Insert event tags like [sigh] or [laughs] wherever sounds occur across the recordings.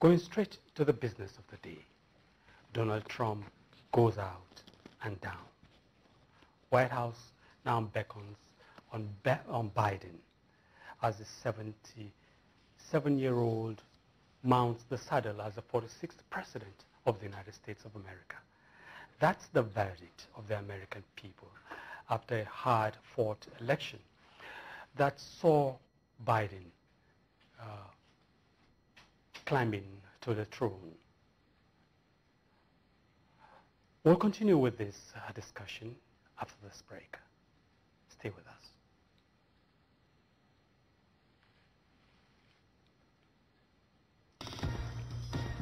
Going straight to the business of the day, Donald Trump goes out and down. White House now beckons on, on Biden as the 77-year-old mounts the saddle as the 46th president of the United States of America. That's the verdict of the American people after a hard-fought election that saw Biden uh, climbing to the throne. We'll continue with this uh, discussion after this break. Stay with us.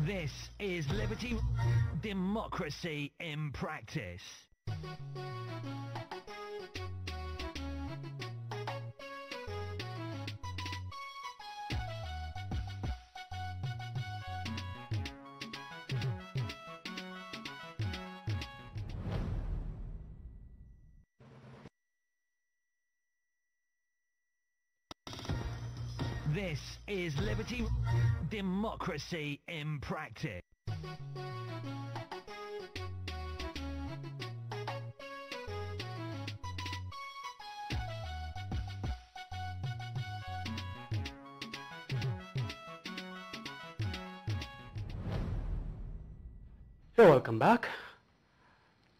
This is Liberty Democracy in Practice. This is liberty, democracy in practice. Hey, welcome back.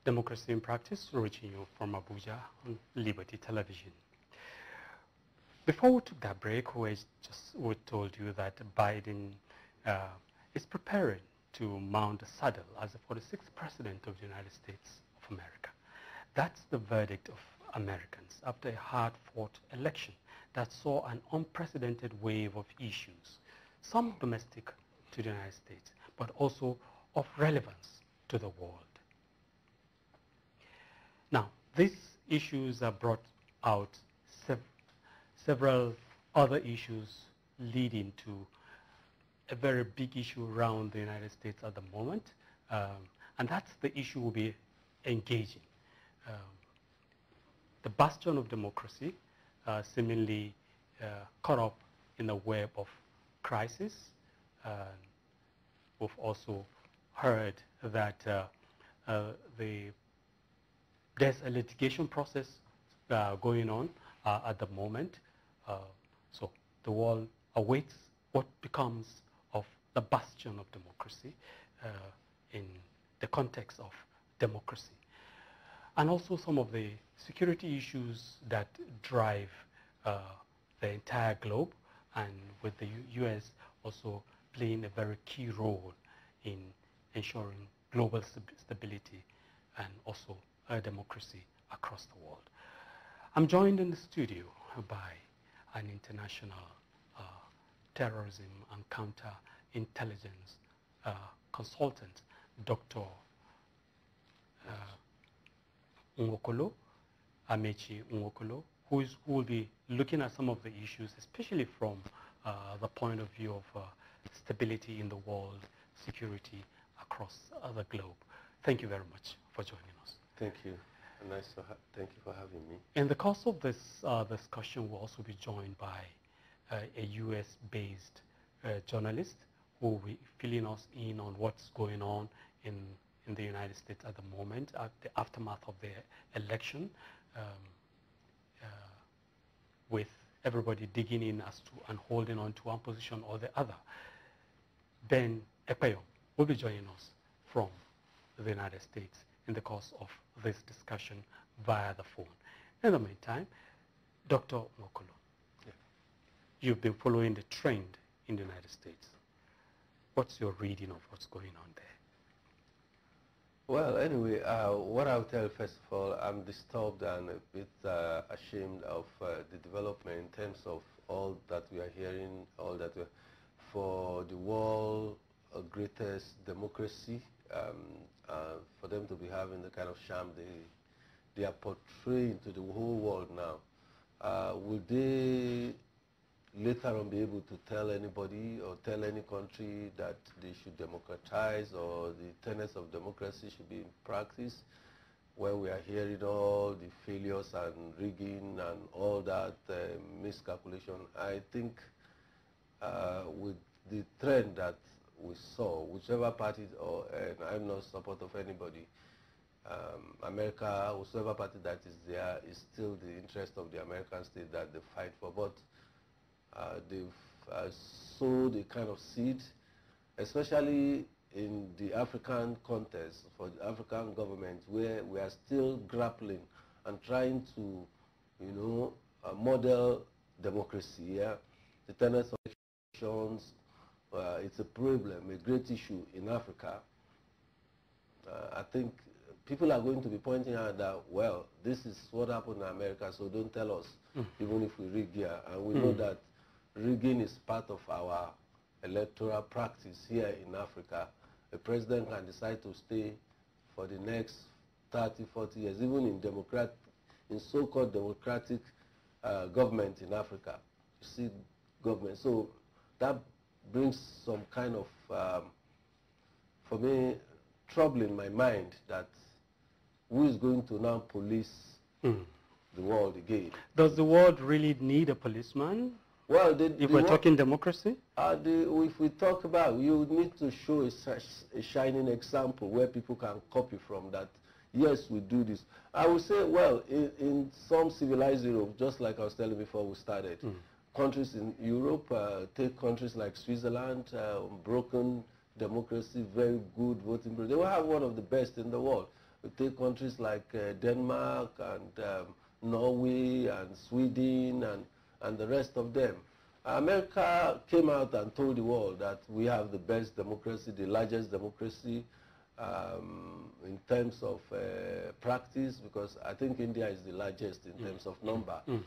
Democracy in Practice, reaching you from Abuja on Liberty Television. Before we took that break, we just we told you that Biden uh, is preparing to mount the saddle as the 46th President of the United States of America. That's the verdict of Americans after a hard-fought election that saw an unprecedented wave of issues, some domestic to the United States, but also of relevance to the world. Now, these issues are brought out several other issues leading to a very big issue around the United States at the moment. Um, and that's the issue we'll be engaging. Um, the bastion of democracy uh, seemingly uh, caught up in a web of crisis. Uh, we've also heard that uh, uh, the, there's a litigation process uh, going on at the moment uh, so the world awaits what becomes of the bastion of democracy uh, in the context of democracy. And also some of the security issues that drive uh, the entire globe and with the U US also playing a very key role in ensuring global stability and also democracy across the world. I'm joined in the studio by and international uh, terrorism and counterintelligence uh, consultant, Dr. Uh, Amechi Nwokolo, who, is, who will be looking at some of the issues, especially from uh, the point of view of uh, stability in the world, security across the globe. Thank you very much for joining us. Thank you. Nice to thank you for having me. In the course of this uh, discussion, we'll also be joined by uh, a U.S.-based uh, journalist who will be filling us in on what's going on in, in the United States at the moment, at the aftermath of the election, um, uh, with everybody digging in as to and holding on to one position or the other. Ben Epeyo will be joining us from the United States in the course of this discussion via the phone. In the meantime, Dr. Mokolo, yeah. you've been following the trend in the United States. What's your reading of what's going on there? Well, anyway, uh, what I'll tell first of all, I'm disturbed and a bit uh, ashamed of uh, the development in terms of all that we are hearing, all that for the world uh, greatest democracy um, uh, for them to be having the kind of sham they, they are portraying to the whole world now, uh, will they later on be able to tell anybody or tell any country that they should democratize or the tenets of democracy should be in practice when we are hearing all the failures and rigging and all that uh, miscalculation? I think uh, with the trend that we saw, whichever party or um, I'm not support of anybody, um, America, whichever party that is there, is still the interest of the American state that they fight for. But uh, they've uh, sowed a kind of seed, especially in the African context for the African government, where we are still grappling and trying to, you know, uh, model democracy, yeah? the tenets of elections, uh, it's a problem, a great issue in Africa, uh, I think people are going to be pointing out that, well, this is what happened in America, so don't tell us, mm. even if we rig here. And we mm. know that rigging is part of our electoral practice here in Africa. A president can decide to stay for the next 30, 40 years, even in democrat, in so-called democratic uh, government in Africa. You see government. So that brings some kind of, um, for me, trouble in my mind that who is going to now police mm. the world again? Does the world really need a policeman? Well, the, if the we're talking democracy, uh, the, if we talk about, you need to show a, a, shining example where people can copy from that. Yes, we do this. I would say, well, in, in some civilized Europe, just like I was telling before we started, mm countries in Europe, uh, take countries like Switzerland, uh, broken democracy, very good voting. They will have one of the best in the world. Take countries like uh, Denmark and um, Norway and Sweden and, and the rest of them. America came out and told the world that we have the best democracy, the largest democracy um, in terms of uh, practice, because I think India is the largest in mm. terms of mm. number. Mm.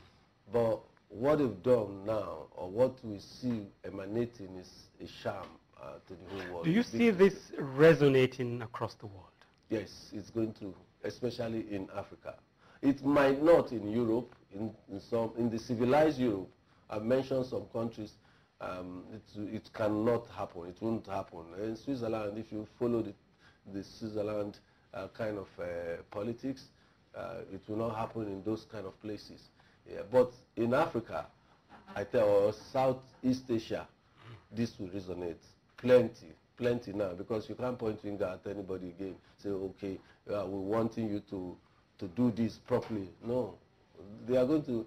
But what they've done now or what we see emanating is a sham uh, to the whole world. Do you see this resonating across the world? Yes, it's going to, especially in Africa. It might not in Europe, in, in some, in the civilized Europe. I've mentioned some countries, um, it, it, cannot happen, it won't happen. In Switzerland, if you follow the, the Switzerland uh, kind of uh, politics, uh, it will not happen in those kind of places. Yeah, but in Africa, I tell or Southeast Asia, this will resonate plenty, plenty now because you can't point finger at anybody again. Say, okay, uh, we're wanting you to to do this properly. No, they are going to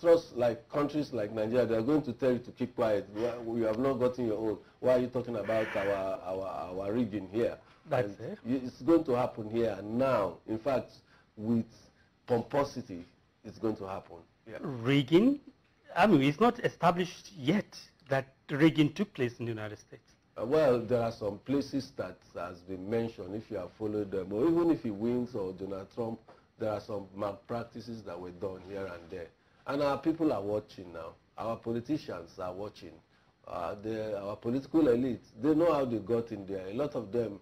trust like countries like Nigeria. They are going to tell you to keep quiet. You have not gotten your own. Why are you talking about our our our rigging here? That's and it. It's going to happen here and now. In fact, with pomposity is going to happen. Yeah. Rigging? I mean, it's not established yet that rigging took place in the United States. Uh, well, there are some places that has been mentioned, if you have followed them, or even if he wins or Donald Trump, there are some malpractices that were done here and there. And our people are watching now. Our politicians are watching. Uh, our political elites, they know how they got in there. A lot of them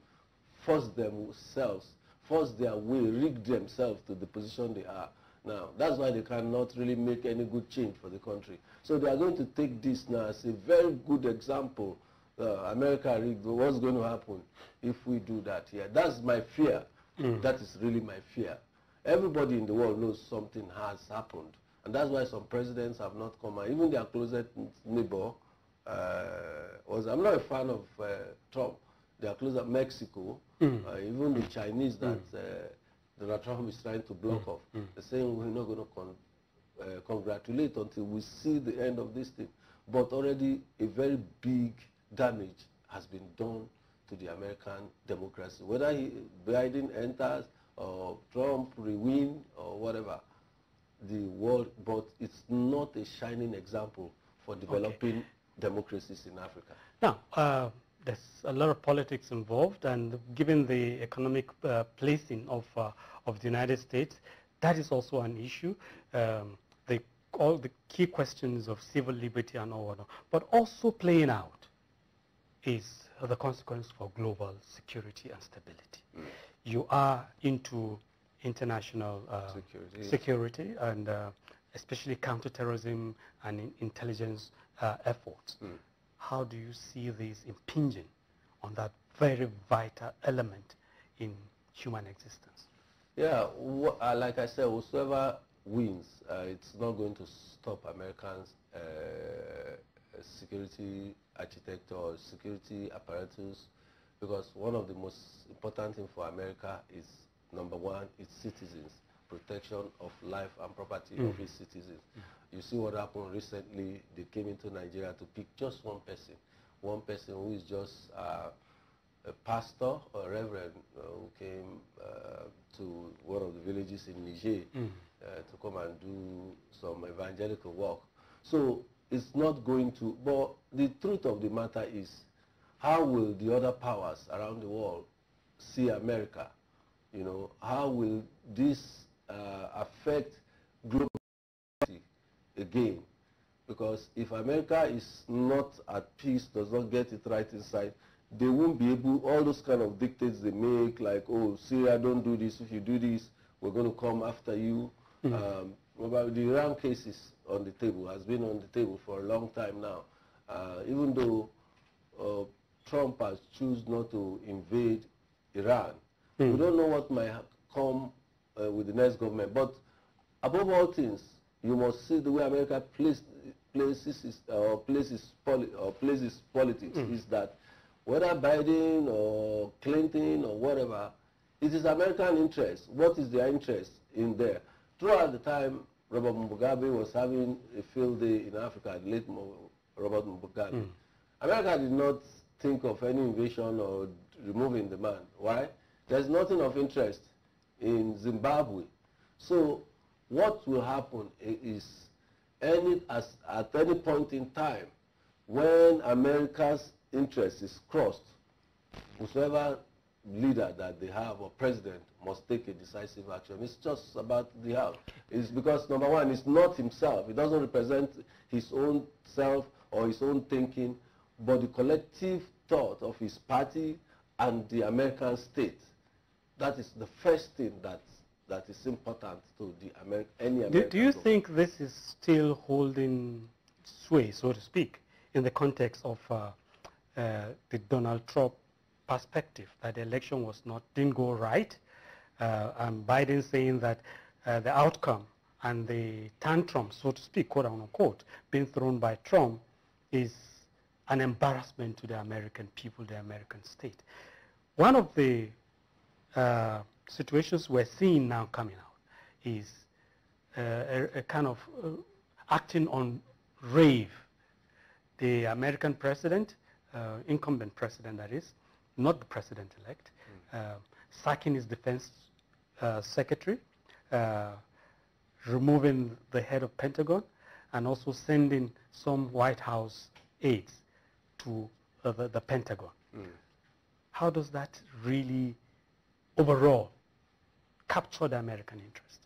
forced themselves, forced their way, rigged themselves to the position they are now. That's why they cannot really make any good change for the country. So they are going to take this now as a very good example. Uh, America, what's going to happen if we do that here? That's my fear. Mm. That is really my fear. Everybody in the world knows something has happened. And that's why some presidents have not come out. Even their closest neighbor uh, was, I'm not a fan of uh, Trump. Their closest Mexico, mm. Uh, even the Chinese that mm. uh, that Trump is trying to block mm, off. Mm. Saying we're not going to con uh, congratulate until we see the end of this thing. But already a very big damage has been done to the American democracy. Whether he, Biden enters or Trump re-win or whatever, the world, but it's not a shining example for developing okay. democracies in Africa. Now, uh there's a lot of politics involved, and given the economic uh, placing of uh, of the United States, that is also an issue. Um, the all the key questions of civil liberty and all that, but also playing out is the consequence for global security and stability. Mm. You are into international uh, security. security. and uh, especially counterterrorism and in intelligence uh, efforts. Mm. How do you see this impinging on that very vital element in human existence? Yeah, uh, like I said, whosoever wins, uh, it's not going to stop Americans' uh, uh security architecture or security apparatus because one of the most important things for America is, number one, its citizens, protection of life and property mm. of its citizens. Mm. You see what happened recently. They came into Nigeria to pick just one person, one person who is just uh, a pastor or a reverend uh, who came uh, to one of the villages in Niger mm. Uh, to come and do some evangelical work. So it's not going to, but the truth of the matter is, how will the other powers around the world see America? You know, how will this uh, affect again. Because if America is not at peace, does not get it right inside, they won't be able, all those kind of dictates they make, like, oh, Syria, don't do this. If you do this, we're going to come after you. Mm -hmm. um, the Iran case is on the table, has been on the table for a long time now. Uh, even though uh, Trump has choose not to invade Iran, mm. we don't know what might come uh, with the next government. But above all things, you must see the way America places uh, places or places politics mm. is that whether Biden or Clinton or whatever, it is American interest. What is their interest in there? Throughout the time, Robert Mugabe was having a field day in Africa, late Robert Mugabe. Mm. America did not think of any invasion or removing the man. Why? There's nothing of interest in Zimbabwe. So what will happen is any, as, at any point in time when America's interest is crossed, whosoever leader that they have or president must take a decisive action. It's just about the house. It's because, number one, it's not himself. He doesn't represent his own self or his own thinking, but the collective thought of his party and the American state. That is the first thing that that is important to the Ameri any American. Do, do you think this is still holding sway, so to speak, in the context of uh, uh, the Donald Trump perspective that the election was not didn't go right, uh, and Biden saying that uh, the outcome and the tantrum, so to speak, quote unquote, being thrown by Trump is an embarrassment to the American people, the American state. One of the uh, situations we're seeing now coming out is uh, a, a, kind of uh, acting on rave. The American president, uh, incumbent president that is, not the president-elect, mm. sacking his defense uh, secretary, uh, removing the head of Pentagon, and also sending some White House aides to the, the, Pentagon. Mm. How does that really overall capture the American interest?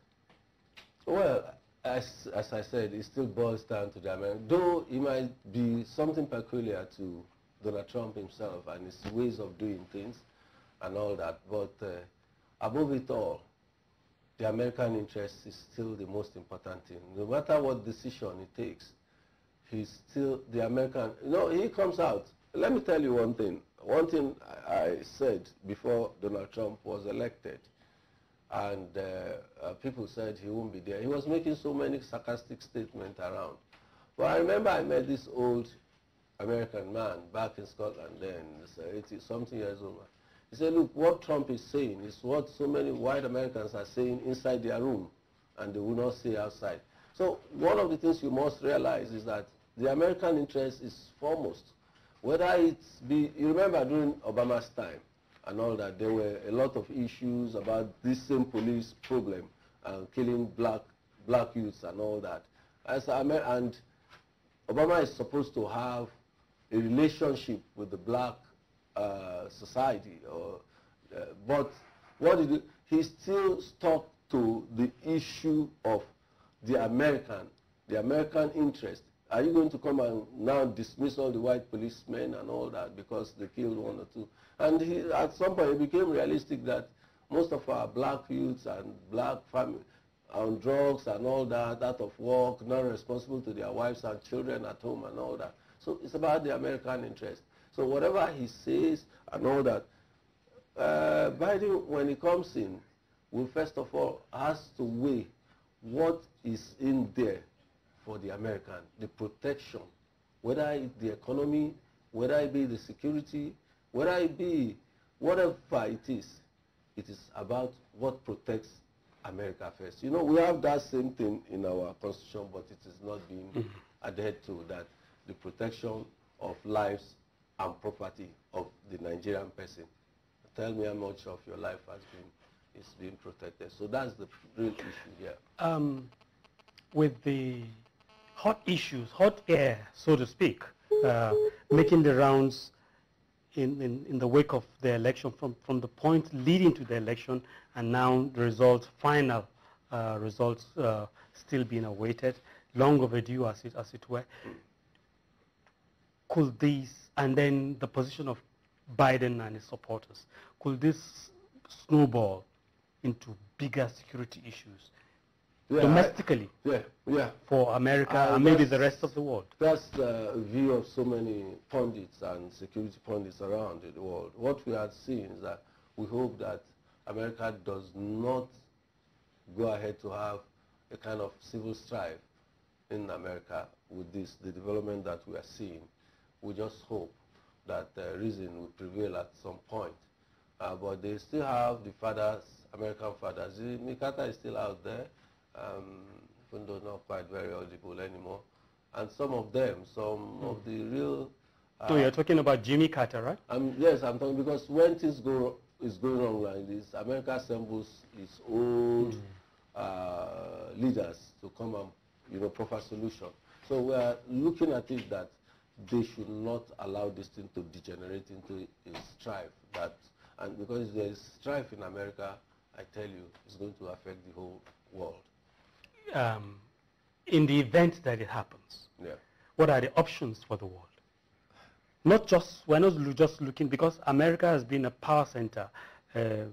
Well, as, as I said, it still boils down to the American, though it might be something peculiar to Donald Trump himself and his ways of doing things and all that, but uh, above it all, the American interest is still the most important thing. No matter what decision he takes, he's still the American. You know, he comes out. Let me tell you one thing. One thing I, I said before Donald Trump was elected and uh, uh, people said he won't be there. He was making so many sarcastic statements around. But I remember I met this old American man back in Scotland then, 80 something years old. Man. He said, look, what Trump is saying is what so many white Americans are saying inside their room and they will not say outside. So one of the things you must realize is that the American interest is foremost. Whether it's be, you remember during Obama's time, and all that, there were a lot of issues about this same police problem, uh, killing black black youths and all that. As I mean, and Obama is supposed to have a relationship with the black uh, society, or, uh, but what he, he still stuck to the issue of the American, the American interest are you going to come and now dismiss all the white policemen and all that because they killed one or two? And he, at some point it became realistic that most of our black youths and black families on drugs and all that, out of work, not responsible to their wives and children at home and all that. So it's about the American interest. So whatever he says and all that, uh, Biden, when he comes in, will first of all has to weigh what is in there for the American, the protection, whether it the economy, whether it be the security, whether it be whatever it is, it is about what protects America first. You know, we have that same thing in our constitution, but it is not being mm -hmm. adhered to that the protection of lives and property of the Nigerian person. Tell me how much of your life has been is being protected. So that's the real issue here. Um, with the hot issues, hot air, so to speak, uh, making the rounds in, in, in, the wake of the election from, from the point leading to the election and now the results, final uh, results uh, still being awaited, long overdue as it, as it were. Could these, and then the position of Biden and his supporters, could this snowball into bigger security issues yeah, domestically I, yeah, yeah. for America uh, and maybe the rest of the world? That's the view of so many pundits and security pundits around the world. What we are seeing is that we hope that America does not go ahead to have a kind of civil strife in America with this, the development that we are seeing. We just hope that uh, reason will prevail at some point. Uh, but they still have the fathers, American fathers. Mikata is still out there um, even though not quite very audible anymore. And some of them, some mm. of the real... Uh, so you're uh, talking about Jimmy Carter, right? yes, I'm talking because when things go is going on like this, America assembles its old mm. uh, leaders to come up, you know, proper solution. So we are looking at it that they should not allow this thing to degenerate into a strife. That and because there is strife in America, I tell you, it's going to affect the whole world um, in the event that it happens? Yeah. What are the options for the world? Not just, we're not just looking, because America has been a power center, a uh,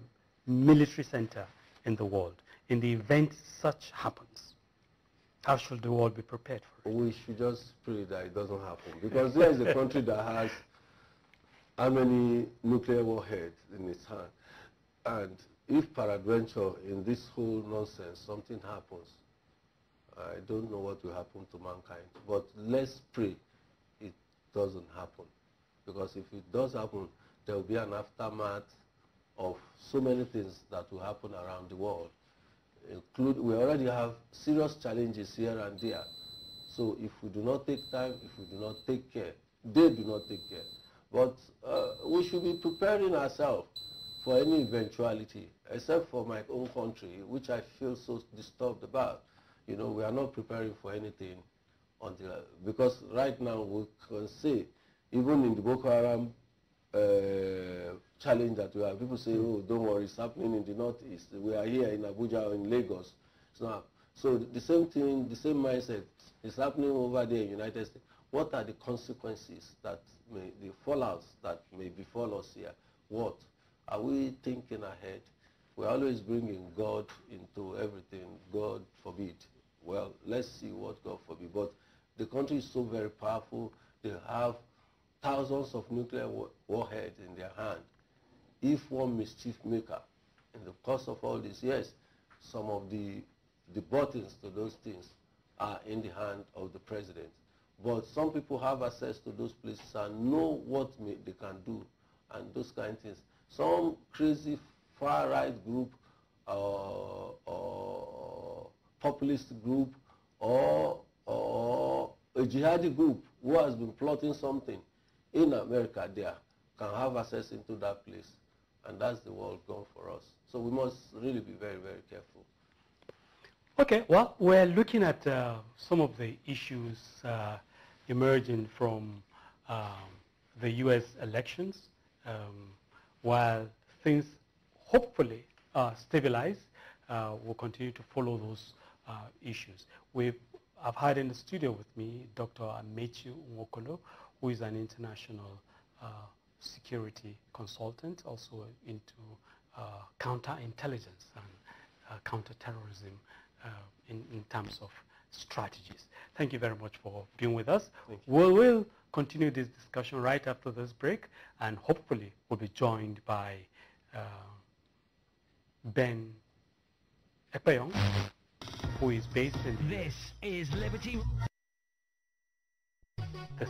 military center in the world. In the event such happens, how should the world be prepared for it? We should just pray that it doesn't happen. Because there is a country that has how many nuclear warheads in its hand. And if peradventure in this whole nonsense something happens, I don't know what will happen to mankind. But let's pray it doesn't happen. Because if it does happen, there will be an aftermath of so many things that will happen around the world. Include, we already have serious challenges here and there. So if we do not take time, if we do not take care, they do not take care. But uh, we should be preparing ourselves for any eventuality, except for my own country, which I feel so disturbed about you know, we are not preparing for anything until, because right now we can see, even in the Boko Haram uh, challenge that we have, people say, oh, don't worry, it's happening in the Northeast. We are here in Abuja or in Lagos. So, so the same thing, the same mindset is happening over there in the United States. What are the consequences that may, the fallouts that may befall us here? What? Are we thinking ahead? We're always bringing God into everything. God forbid well, let's see what God forbid. But the country is so very powerful. They have thousands of nuclear warheads in their hand. If one mischief maker, in the course of all these years, some of the, the buttons to those things are in the hand of the president. But some people have access to those places and know what may, they can do and those kind of things. Some crazy far-right group uh, uh, populist group or, or a jihadi group who has been plotting something in America there can have access into that place. And that's the world gone for us. So we must really be very, very careful. Okay, well, we're looking at uh, some of the issues uh, emerging from um, the U.S. elections. Um, while things hopefully uh, stabilize, we'll continue to follow those uh, issues. We've, I've had in the studio with me Dr. Amechi Nwokolo, who is an international uh, security consultant, also into uh, counterintelligence and counterterrorism in, in terms of strategies. Thank you very much for being with us. We'll, we'll, continue this discussion right after this break and hopefully we'll be joined by uh, Ben Epeyong who is based in... This is Liberty... This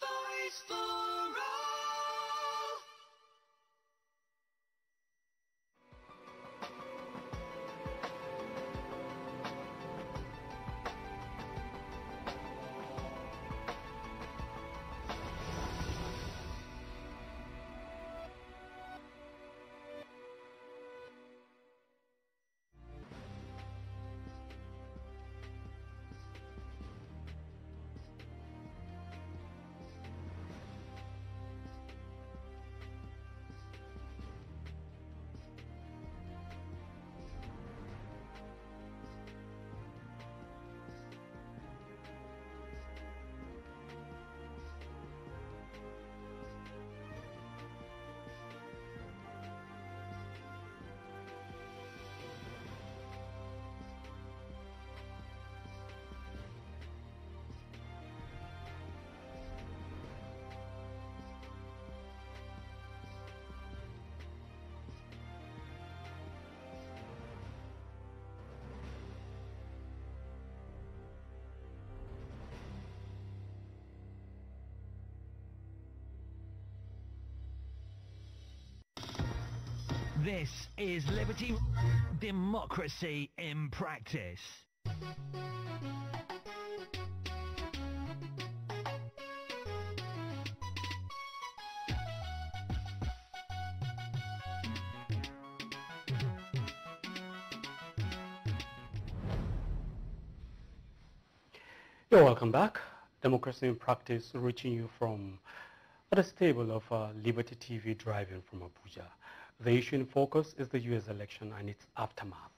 Voice for all. This is liberty democracy in practice. You're welcome back. Democracy in Practice reaching you from the stable of uh, Liberty TV driving from Abuja. The issue in focus is the U.S. election and its aftermath.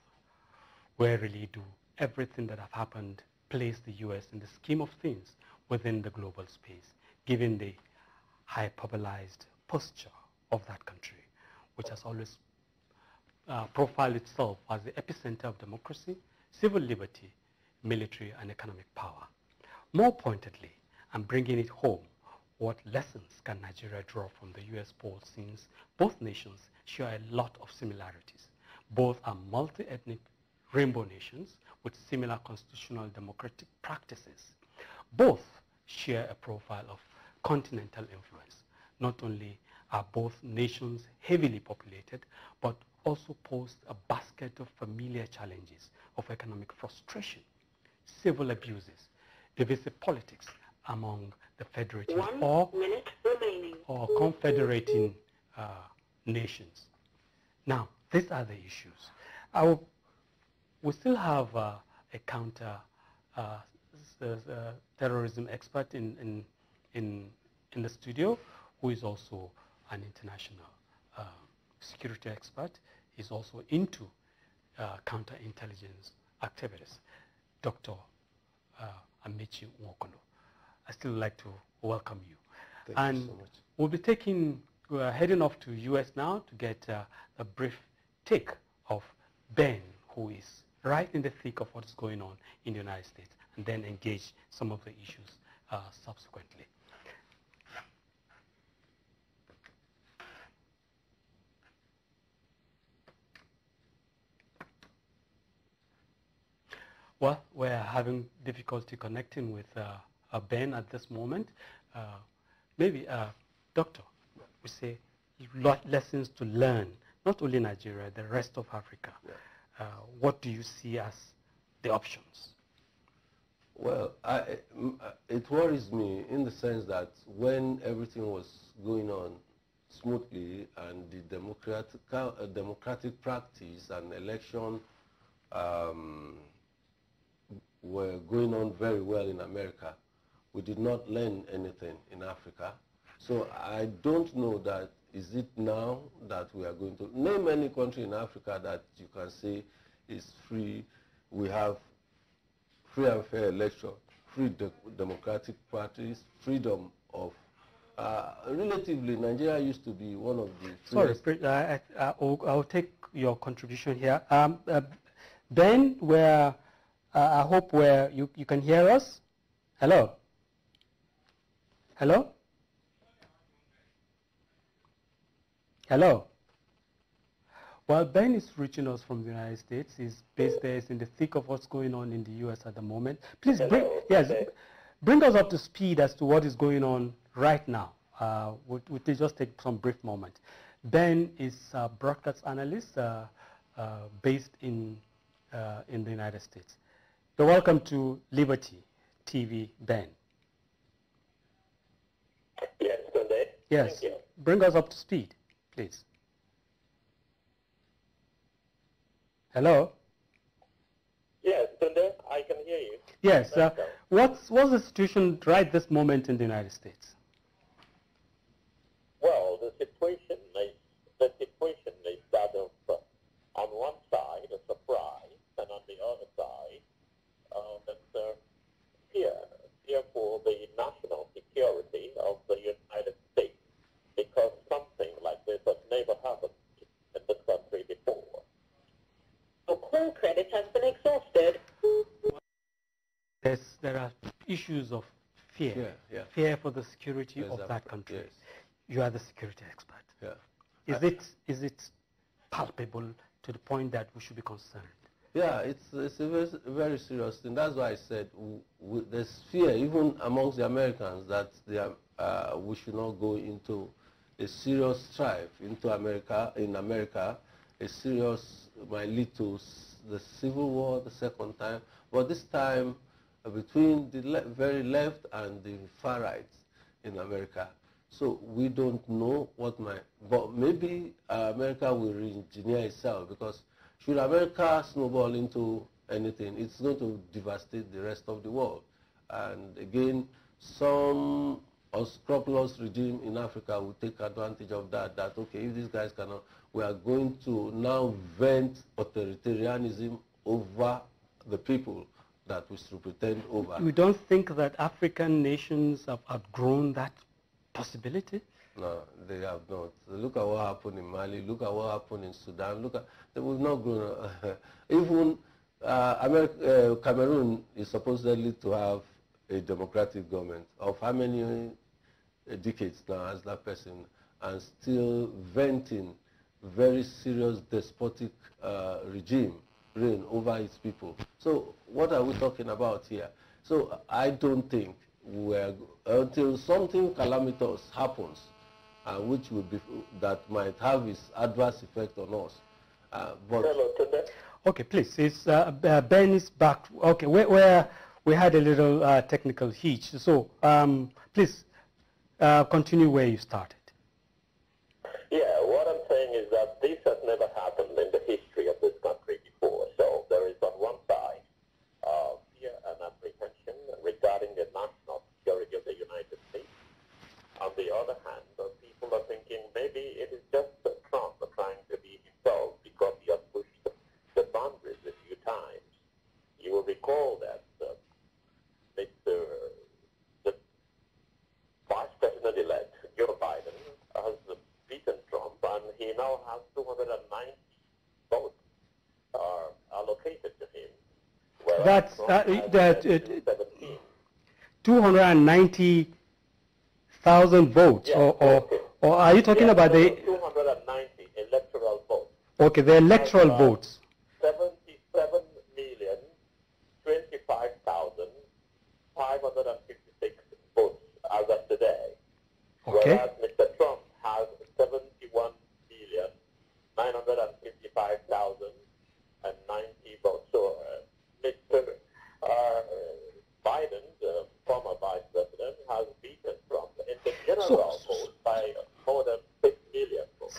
Where really do everything that have happened place the U.S. in the scheme of things within the global space, given the hyperbolized posture of that country, which has always uh, profiled itself as the epicenter of democracy, civil liberty, military and economic power. More pointedly, and bringing it home, what lessons can Nigeria draw from the U.S. polls since both nations share a lot of similarities. Both are multi-ethnic rainbow nations with similar constitutional democratic practices. Both share a profile of continental influence. Not only are both nations heavily populated, but also pose a basket of familiar challenges of economic frustration, civil abuses, divisive politics among the federating One or, or confederating uh, nations. Now, these are the issues. we still have uh, a counter uh, uh, uh, terrorism expert in, in, in, in, the studio who is also an international uh, security expert. He's also into uh, counterintelligence activities, Dr. Amichi Nwokono. I still like to welcome you. Thank and you so we'll be taking we're heading off to US now to get uh, a brief take of Ben, who is right in the thick of what's going on in the United States, and then engage some of the issues uh, subsequently. Well, we're having difficulty connecting with uh, uh Ben at this moment. Uh, maybe, uh, Doctor, we say lessons to learn, not only Nigeria, the rest of Africa. Yeah. Uh, what do you see as the options? Well, I, it worries me in the sense that when everything was going on smoothly and the democratic, uh, democratic practice and election um, were going on very well in America, we did not learn anything in Africa. So I don't know that is it now that we are going to name any country in Africa that you can say is free. We have free and fair election, free de democratic parties, freedom of uh, relatively, Nigeria used to be one of the. Sorry, I, will take your contribution here. Um, uh, ben, where uh, I hope where you, you can hear us. Hello. Hello. Hello. Well, Ben is reaching us from the United States. He's based there. He's in the thick of what's going on in the U.S. at the moment. Please Hello. bring yes, bring us up to speed as to what is going on right now. Uh, we will we'll just take some brief moment. Ben is a broadcast analyst uh, uh, based in uh, in the United States. You're welcome to Liberty TV, Ben. Yes, good day. Yes, bring us up to speed please. Hello? Yes, Tunde, I can hear you. Yes. Uh, what's, what's the situation right this moment in the United States? issues of fear, yeah, yeah. fear for the security yes, of that country. Yes. You are the security expert. Yeah. Is I, it is it palpable to the point that we should be concerned? Yeah, it's it's a very, very serious thing. That's why I said there's fear even amongst the Americans that they are, uh, we should not go into a serious strife into America in America. A serious might lead to the civil war the second time, but this time between the le very left and the far right in America. So we don't know what might, but maybe America will re-engineer itself because should America snowball into anything, it's going to devastate the rest of the world. And again, some unscrupulous regime in Africa will take advantage of that, that, okay, if these guys cannot, we are going to now vent authoritarianism over the people that we should pretend over. You don't think that African nations have outgrown that possibility? No, they have not. Look at what happened in Mali. Look at what happened in Sudan. Look at they will not grow. [laughs] Even uh, America, uh, Cameroon is supposedly to have a democratic government. Of how many uh, decades now as that person, and still venting very serious despotic uh, regime reign over his people. So what are we talking about here? So I don't think we're, until something calamitous happens, uh, which will be, that might have its adverse effect on us. Uh, but okay, please, it's uh, uh Ben is back. Okay, where, where we had a little uh, technical hitch. So um, please uh, continue where you started. 290,000 votes, yes, or, or, or, are you talking yes, about the 290 electoral votes? Okay, the electoral votes.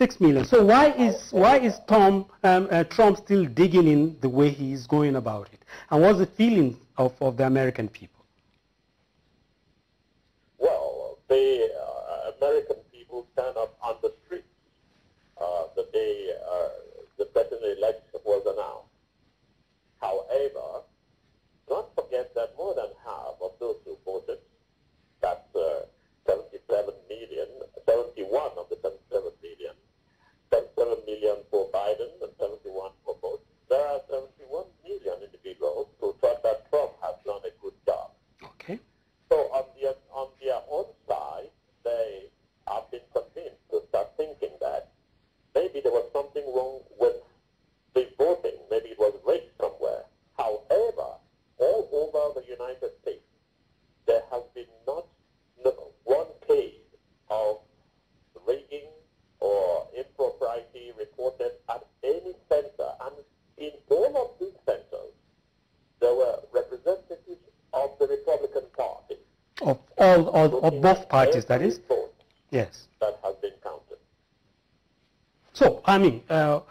six million. So why is why is Tom um, uh, Trump still digging in the way he is going about it? And what's the feeling of, of the American people? Of both parties, that is? yes. That has been counted. So, I mean, uh,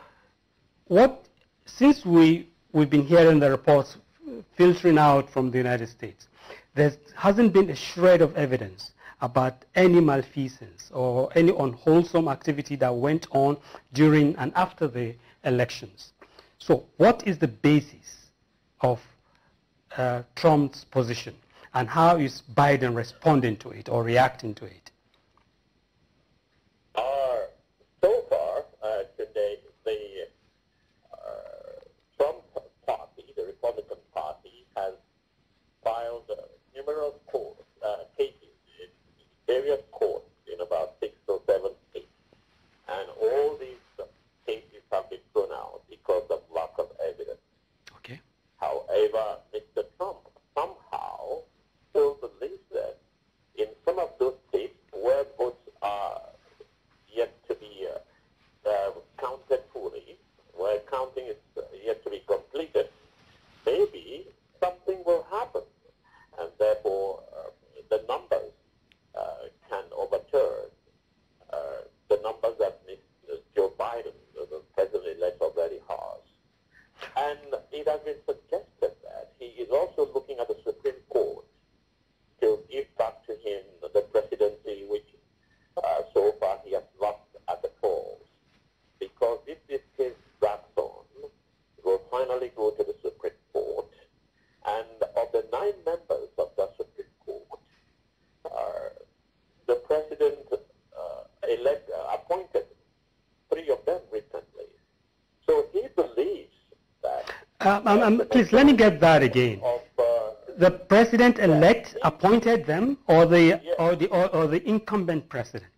what, since we, we've been hearing the reports filtering out from the United States, there hasn't been a shred of evidence about any malfeasance or any unwholesome activity that went on during and after the elections. So what is the basis of uh, Trump's position? and how is Biden responding to it or reacting to it? Uh, um, um, please let me get that again. Uh, the president-elect appointed them, or the yes. or the or, or, the incumbent president.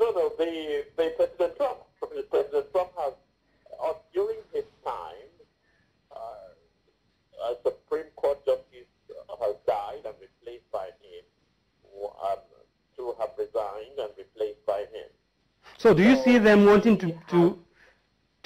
No, no, the, the President Trump. President Trump has, uh, during his time, uh, a Supreme Court justice has died and replaced by him. Um, to have resigned and replaced by him. So, do you so, see them wanting to, to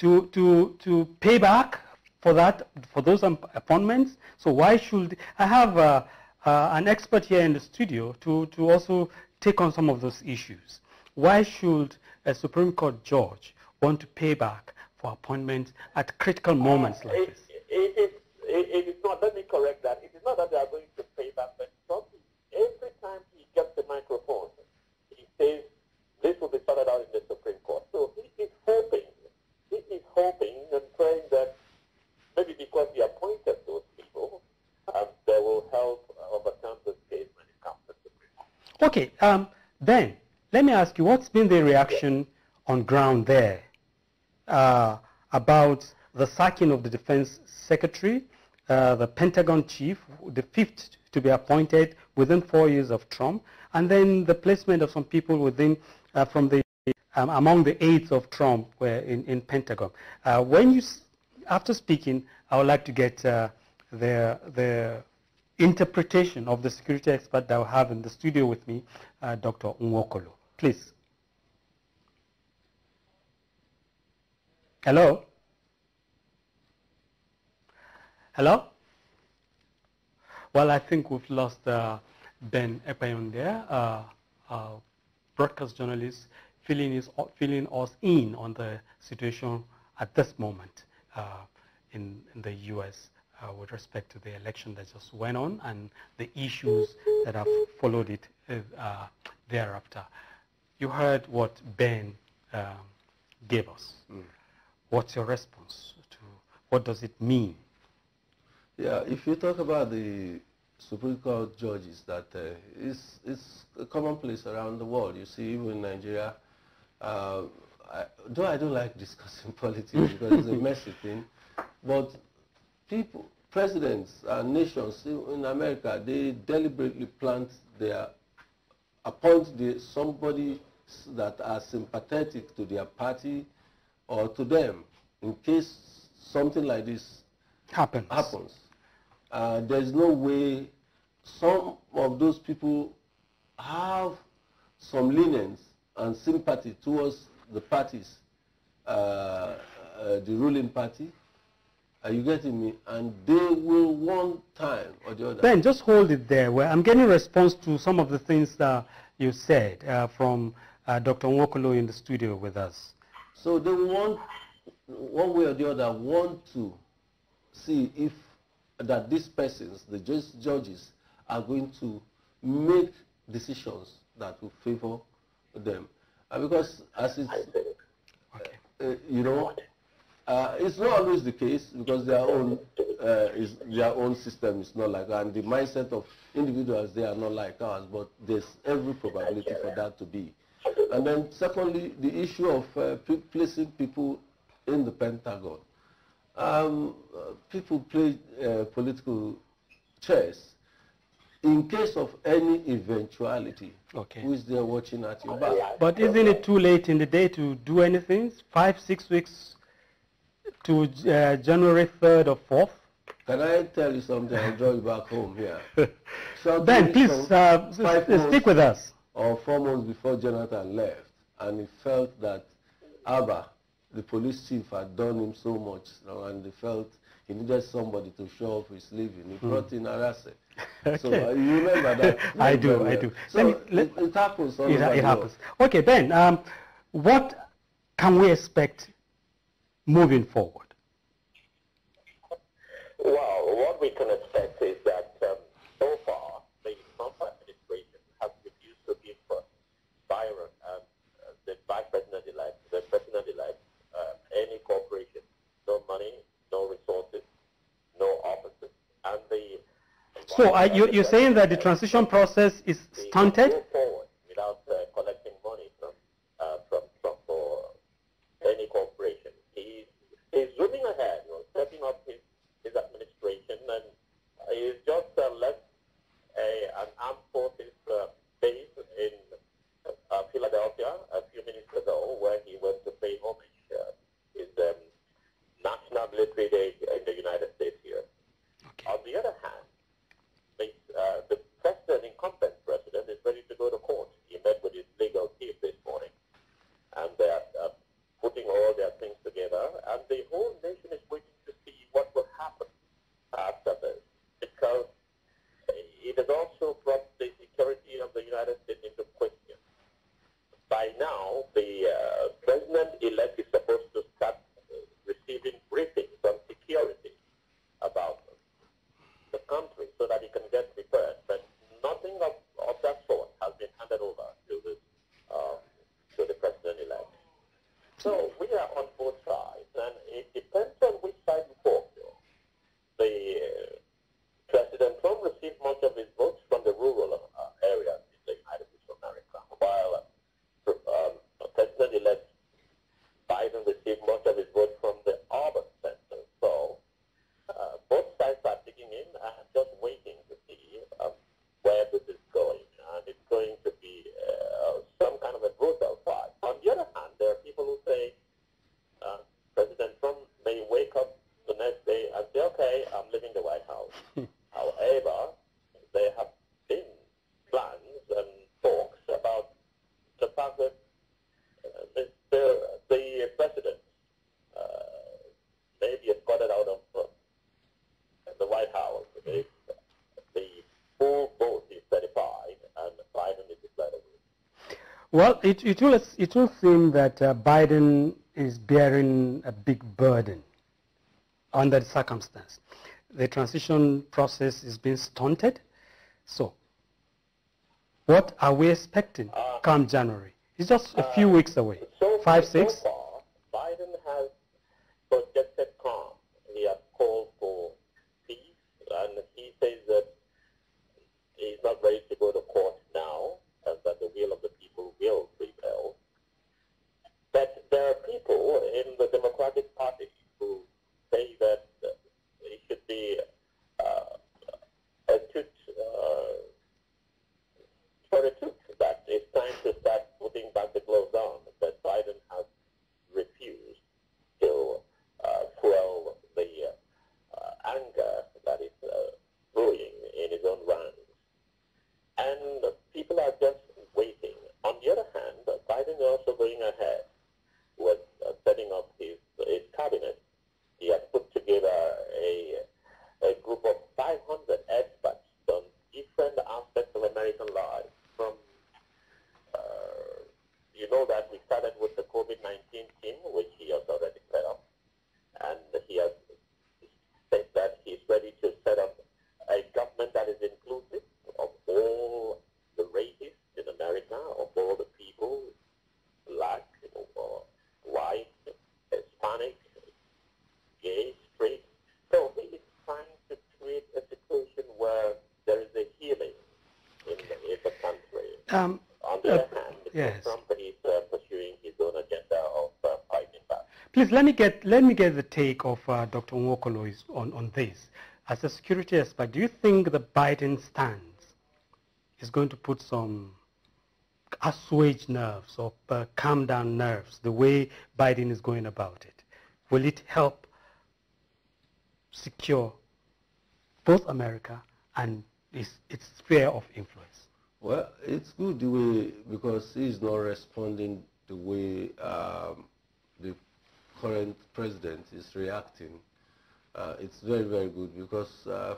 to, to, to pay back for that, for those appointments. So why should, I have uh, uh, an expert here in the studio to, to also take on some of those issues. Why should a Supreme Court judge want to pay back for appointments at critical moments like uh, it, this? It, it, it is not, let me correct that. It is not that they are going Okay, um, Ben, let me ask you, what's been the reaction on ground there uh, about the sacking of the defense secretary, uh, the Pentagon chief, the fifth to be appointed within four years of Trump, and then the placement of some people within uh, from the um, among the aides of Trump were uh, in, in Pentagon. Uh, when you after speaking, I would like to get uh, their their interpretation of the security expert that we have in the studio with me, uh, Dr. Nwokolo. Please. Hello? Hello? Well, I think we've lost uh, Ben Epayon there, uh, our broadcast journalist, filling, is, filling us in on the situation at this moment uh, in, in the U.S uh, with respect to the election that just went on and the issues that have followed it uh, uh thereafter. You heard what Ben uh, gave us. Mm. What's your response to what does it mean? Yeah, if you talk about the Supreme Court judges, that uh, it's, it's commonplace around the world. You see, even in Nigeria, uh, I, though I don't like [laughs] discussing politics because it's a messy thing, but people, presidents and nations in America, they deliberately plant their, appoint the, somebody that are sympathetic to their party or to them in case something like this happens. happens. Uh, there's no way some of those people have some lenience and sympathy towards the parties, uh, uh, the ruling party, are you getting me? And they will one time or the other. Ben, just hold it there. Well, I'm getting response to some of the things that you said uh, from uh, Dr. Nwokolo in the studio with us. So they want, one way or the other, want to see if that these persons, the judges, are going to make decisions that will favor them. Uh, because as it's, okay. Uh, you know, uh, it's not always the case because their own uh, is their own system is not like and the mindset of individuals they are not like ours. But there's every probability for that to be. And then secondly, the issue of uh, placing people in the Pentagon. Um, people play uh, political chess in case of any eventuality okay. which they are watching at your back. But isn't it too late in the day to do anything? Five, six weeks to uh, January 3rd or 4th. Can I tell you something? I will you back home here. So [laughs] ben, please uh, stick with us. Or four months before Jonathan left, and he felt that Abba, the police chief, had done him so much, you know, and he felt he needed somebody to show off his living. He mm. brought in Arase. [laughs] okay. So uh, you remember that? [laughs] I do, well. I do. So me, let, it, it, happens. It, it happens. Okay, Ben, um, what can we expect moving forward? Well, what we can expect is that um, so far the Trump administration has refused to give uh, Byron, um, uh, the vice president-elect, the president-elect, uh, any cooperation, no money, no resources, no offices. And the so you, you're saying that the transition process is stunted? Well, it, it, will, it will seem that uh, Biden is bearing a big burden under the circumstance. The transition process is being stunted. So what are we expecting uh, come January? It's just a few uh, weeks away, so, five, so six. Far. about this let me get let me get the take of uh, Dr. Nwokolo on on this. As a security expert, do you think the Biden stance is going to put some assuage nerves or uh, calm down nerves the way Biden is going about it? Will it help secure both America and its, its sphere of influence? Well, it's good the way because he's not responding the way um, current president is reacting, uh, it's very, very good because uh,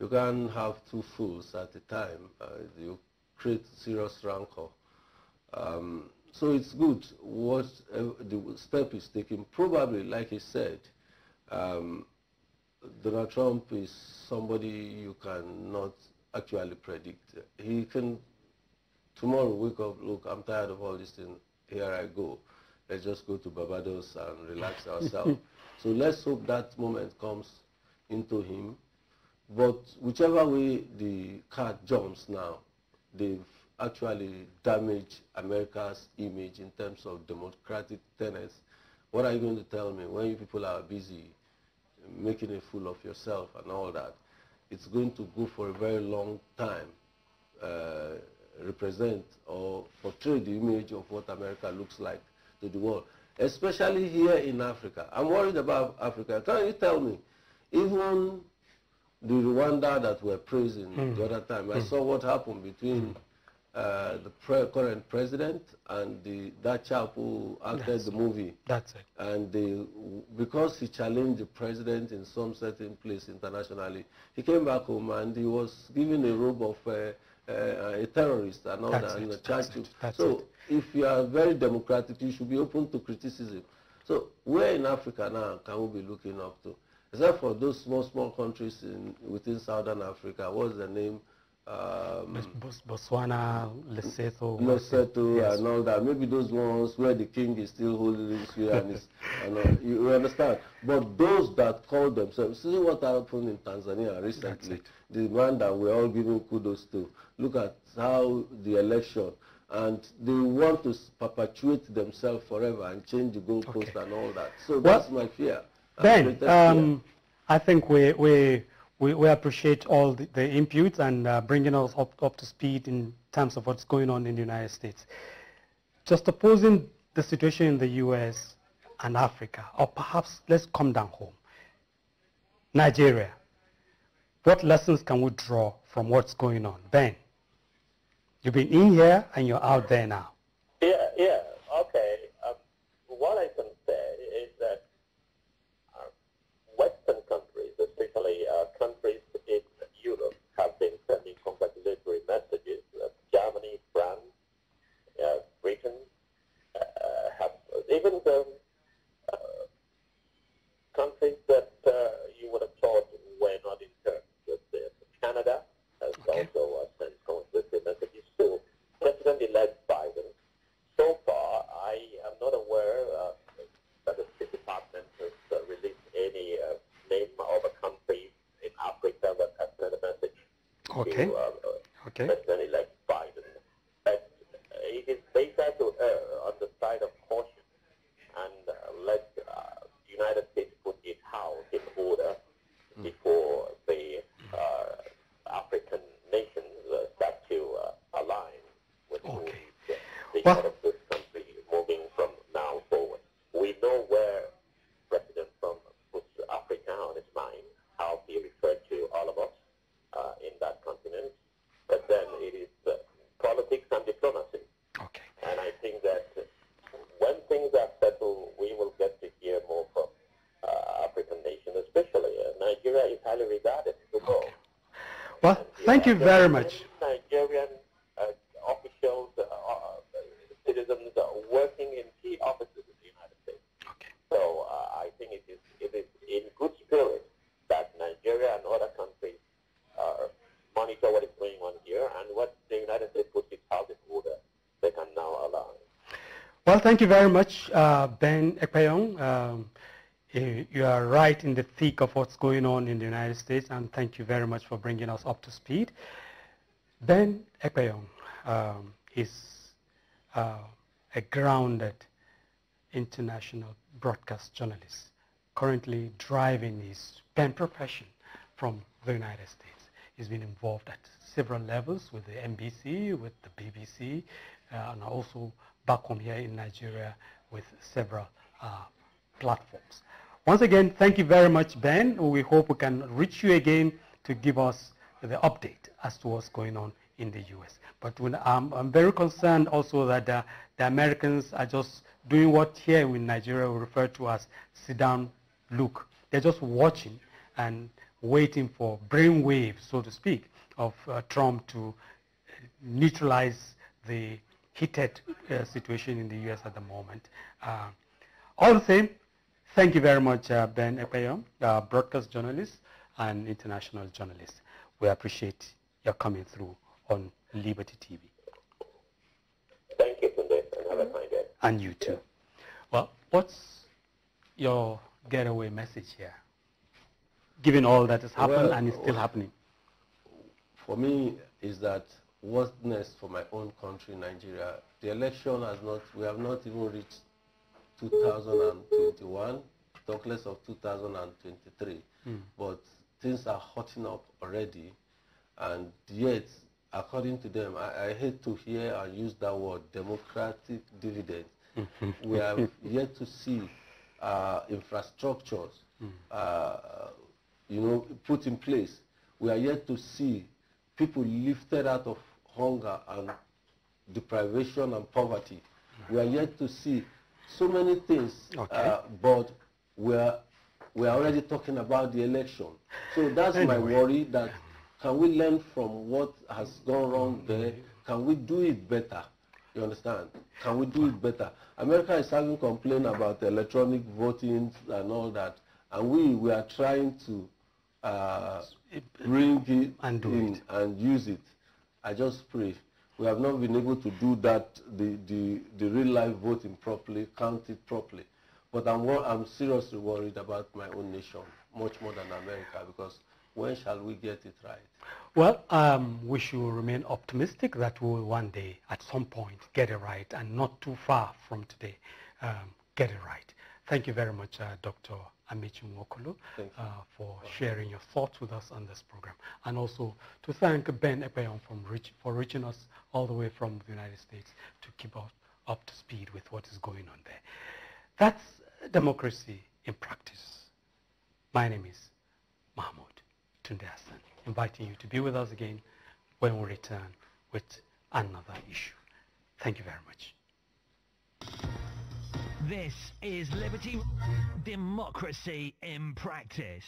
you can't have two fools at a time. Uh, you create serious rancor. Um, so it's good what uh, the step is taken. Probably, like I said, um, Donald Trump is somebody you cannot actually predict. He can tomorrow wake up, look, I'm tired of all this thing, here I go let's just go to Barbados and relax ourselves. [laughs] so let's hope that moment comes into him. But whichever way the card jumps now, they've actually damaged America's image in terms of democratic tenets. What are you going to tell me when you people are busy making a fool of yourself and all that? It's going to go for a very long time, uh, represent or portray the image of what America looks like to the world, especially here in Africa. I'm worried about Africa. Can you tell me, even the Rwanda that were praising mm. the other time, I hmm. saw what happened between uh, the pre current president and the, that chap who acted That's the movie. That's it. And the, because he challenged the president in some certain place internationally, he came back home and he was given a robe of... Uh, uh, a terrorist and all that, and you So it. if you are very democratic, you should be open to criticism. So where in Africa now can we be looking up to? Except for those small, small countries in, within Southern Africa, what's the name? um, Botswana, Lesotho, Lesotho, yes. and all that. Maybe those ones where the king is still holding his spear and is, [laughs] and, you understand. But those that call themselves, see what happened in Tanzania recently. The man that we're all giving kudos to. Look at how the election and they want to perpetuate themselves forever and change the goalposts okay. and all that. So that's my fear. ben, um, fear. I think we we we, we appreciate all the, the inputs and uh, bringing us up, up to speed in terms of what's going on in the United States. Just opposing the situation in the US and Africa, or perhaps let's come down home. Nigeria, what lessons can we draw from what's going on? Ben, you've been in here and you're out there now. what? of this country moving from now forward. We know where President Trump puts Africa on his mind, how he referred to all of us uh, in that continent. But then it is uh, politics and diplomacy. Okay. And I think that when things are settled, we will get to hear more from uh, African nations, especially. Uh, Nigeria is highly regarded Okay. Well, thank you very much. thank you very much, uh, Ben Ekpeyong. Um, you are right in the thick of what's going on in the United States, and thank you very much for bringing us up to speed. Ben Ekpeyong um, is uh, a grounded international broadcast journalist, currently driving his pen profession from the United States. He's been involved at several levels with the NBC, with the BBC, uh, and also back home here in Nigeria with several uh, platforms. Once again, thank you very much, Ben. We hope we can reach you again to give us the update as to what's going on in the U.S. But when, um, I'm very concerned also that uh, the Americans are just doing what here in Nigeria we refer to as sit down, look. They're just watching and waiting for brainwaves, so to speak, of uh, Trump to neutralize the heated uh, situation in the US at the moment. Uh, all the same, thank you very much, uh, Ben Epeyom, broadcast journalist and international journalist. We appreciate your coming through on Liberty TV. Thank you, Tunde, and have a fine day. And you too. Well, what's your getaway message here, given all that has happened well, and is still happening? For me, is that worthiness for my own country, Nigeria. The election has not, we have not even reached 2021, talk less of 2023. Mm. But things are hotting up already. And yet, according to them, I, I hate to hear and use that word, democratic dividend. [laughs] we have yet to see uh, infrastructures, hmm. uh, you know, put in place. We are yet to see people lifted out of hunger and deprivation and poverty. We are yet to see so many things, uh, okay. uh, but we are, we are already talking about the election. So that's anyway. my worry that can we learn from what has gone wrong there? Can we do it better? You understand? Can we do it better? America is having complaints about electronic voting and all that, and we, we are trying to uh, bring it and, in it. and use it. I just pray we have not been able to do that, the, the, the real life voting properly, count it properly. But I'm, I'm seriously worried about my own nation, much more than America, because when shall we get it right? Well, um, we should remain optimistic that we will one day, at some point, get it right, and not too far from today, um, get it right. Thank you very much, uh, Dr. Amichi Mwokolo uh, for sharing your thoughts with us on this program. And also to thank Ben Epeyon reach, for reaching us all the way from the United States to keep us up, up to speed with what is going on there. That's democracy in practice. My name is Mahmoud Tundasan, inviting you to be with us again when we return with another issue. Thank you very much. This is liberty democracy in practice.